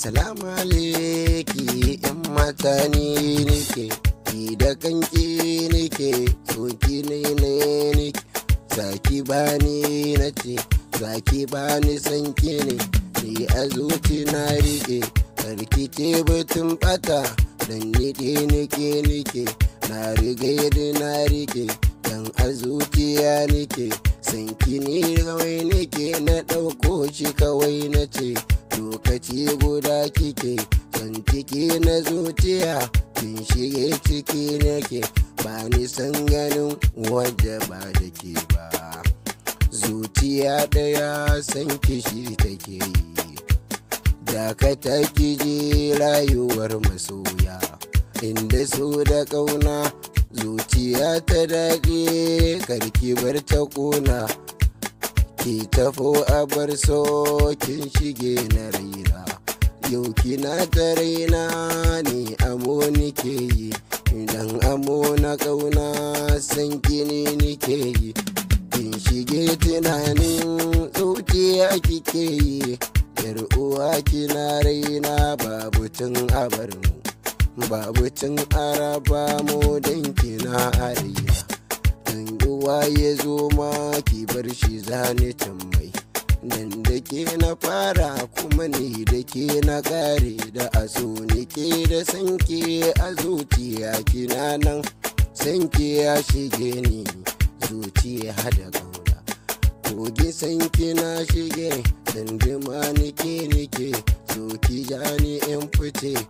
salamu alaiki yan mata ni nike ki da kanki nike soki ne ne zaki bani na ce zaki bani sanki ne ni a zuci na rike karki ce batun bata dan nike nike nike na rige da na rike dan a zuciya nike sanki ne kawai nike na ɗauko shi kawai na ce lokaci guda kike son ciki na zuciya kin shige ciki nake ba ni san ganin waje ba da ke ba zuciya daya san kishi take yi dakata ki rayuwar masoya inda so da ƙauna zuciya ta daɗe karki bar ta ƙona ki tafo a so kin shige na raina yau kina ta raina ni amo nike yi idan amo na kauna san kini nike yi kin shige tunanin a kike yi yar uwa kina raina babu tun abar mu babu tun araba mu don kina a raina kowa ya zo ma ki bar shi zane can mai nan da ke na fara kuma ne da ke na kare da aso ni ke da sanke a zuciya kina nan sanke ya shige ni zuciya da gaura kogi sanke na shige dandima nike nike zo ke ja ni in fice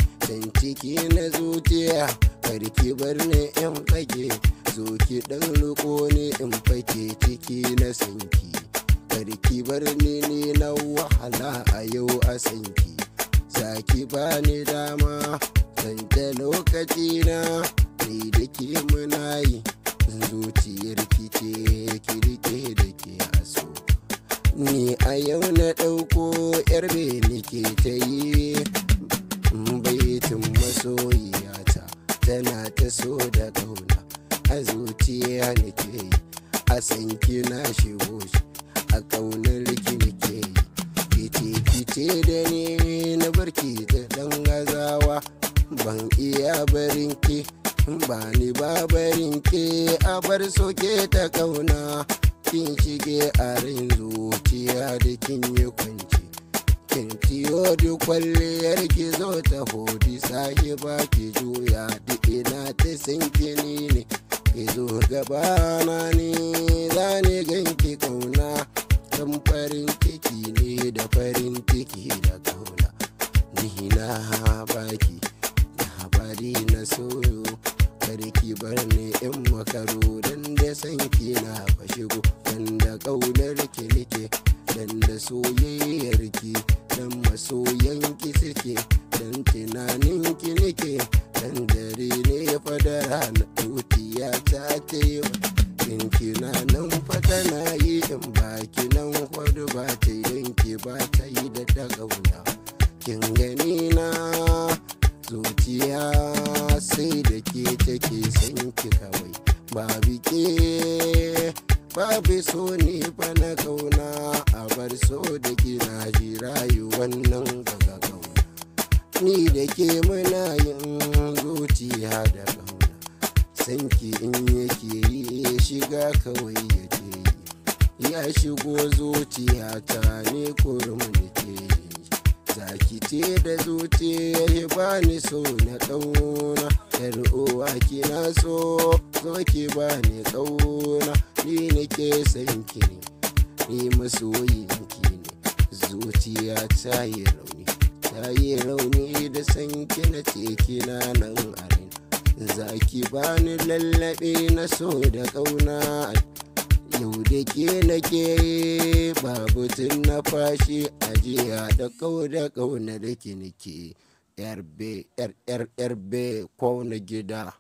ciki na zuciya karki bar ni in fage zo ki dan luko ni in fake ciki na sanki karki bar ni ni na wahala a yau a sanki zaki ba ni dama ta lokaci na ni da ke muna yi zuciyar ki ce ki rike da ke aso ni a yau na ɗauko yar be ke ta yi cikin masoyiyata tana ta so da kauna a zuciya nake yi a sanki na shigo shi a kaunar ki nake yi fice-fice da ne na barki da dan gazawa ban iya barinki ba ni ba ke a bar soke ta kauna kin shige a rin zuciya da kin yi kwanci kin tiyo kwalliyar ki zo ta hodi sahiba ki juya di ina ta sinkini ne ki zo gabana ne zane ganki kauna dan farin ciki ne da farin ciki da kauna ni na baki labari na soyo ki bar ni in makaro dan da sanki na fashigo dan da kaunar ki nike dan da soyayyar ki dan masoyan ki suke dan tunanin ki nake dan dare ne fadar hana dukiya ta ce in kina nan fata na yi in baki nan kwadu ba ta yanki ba ta yi da ta kin gani na zuciya sai da ke take son ki kawai ba bike babu so ne fa na kauna a bar so da kina ji rayuwan nan daga kauna ni da ke mana yin zuciya da kauna sanki in yake yi shiga kawai yake yi ya shigo zuciya ta ne kurum da ke yi zaki ce da zuciya ya ni so na kauna yar uwa kina so zo ki bani kauna ni nake son ki ne ni masoyin ki ne zuciya ta yi rauni ta yi rauni da san ki na ce kina nan arin za ki bani lallabe na so da ƙauna yau da ke nake babu tun na fashi ajiya da kau da ƙauna da ki nake yar yar be gida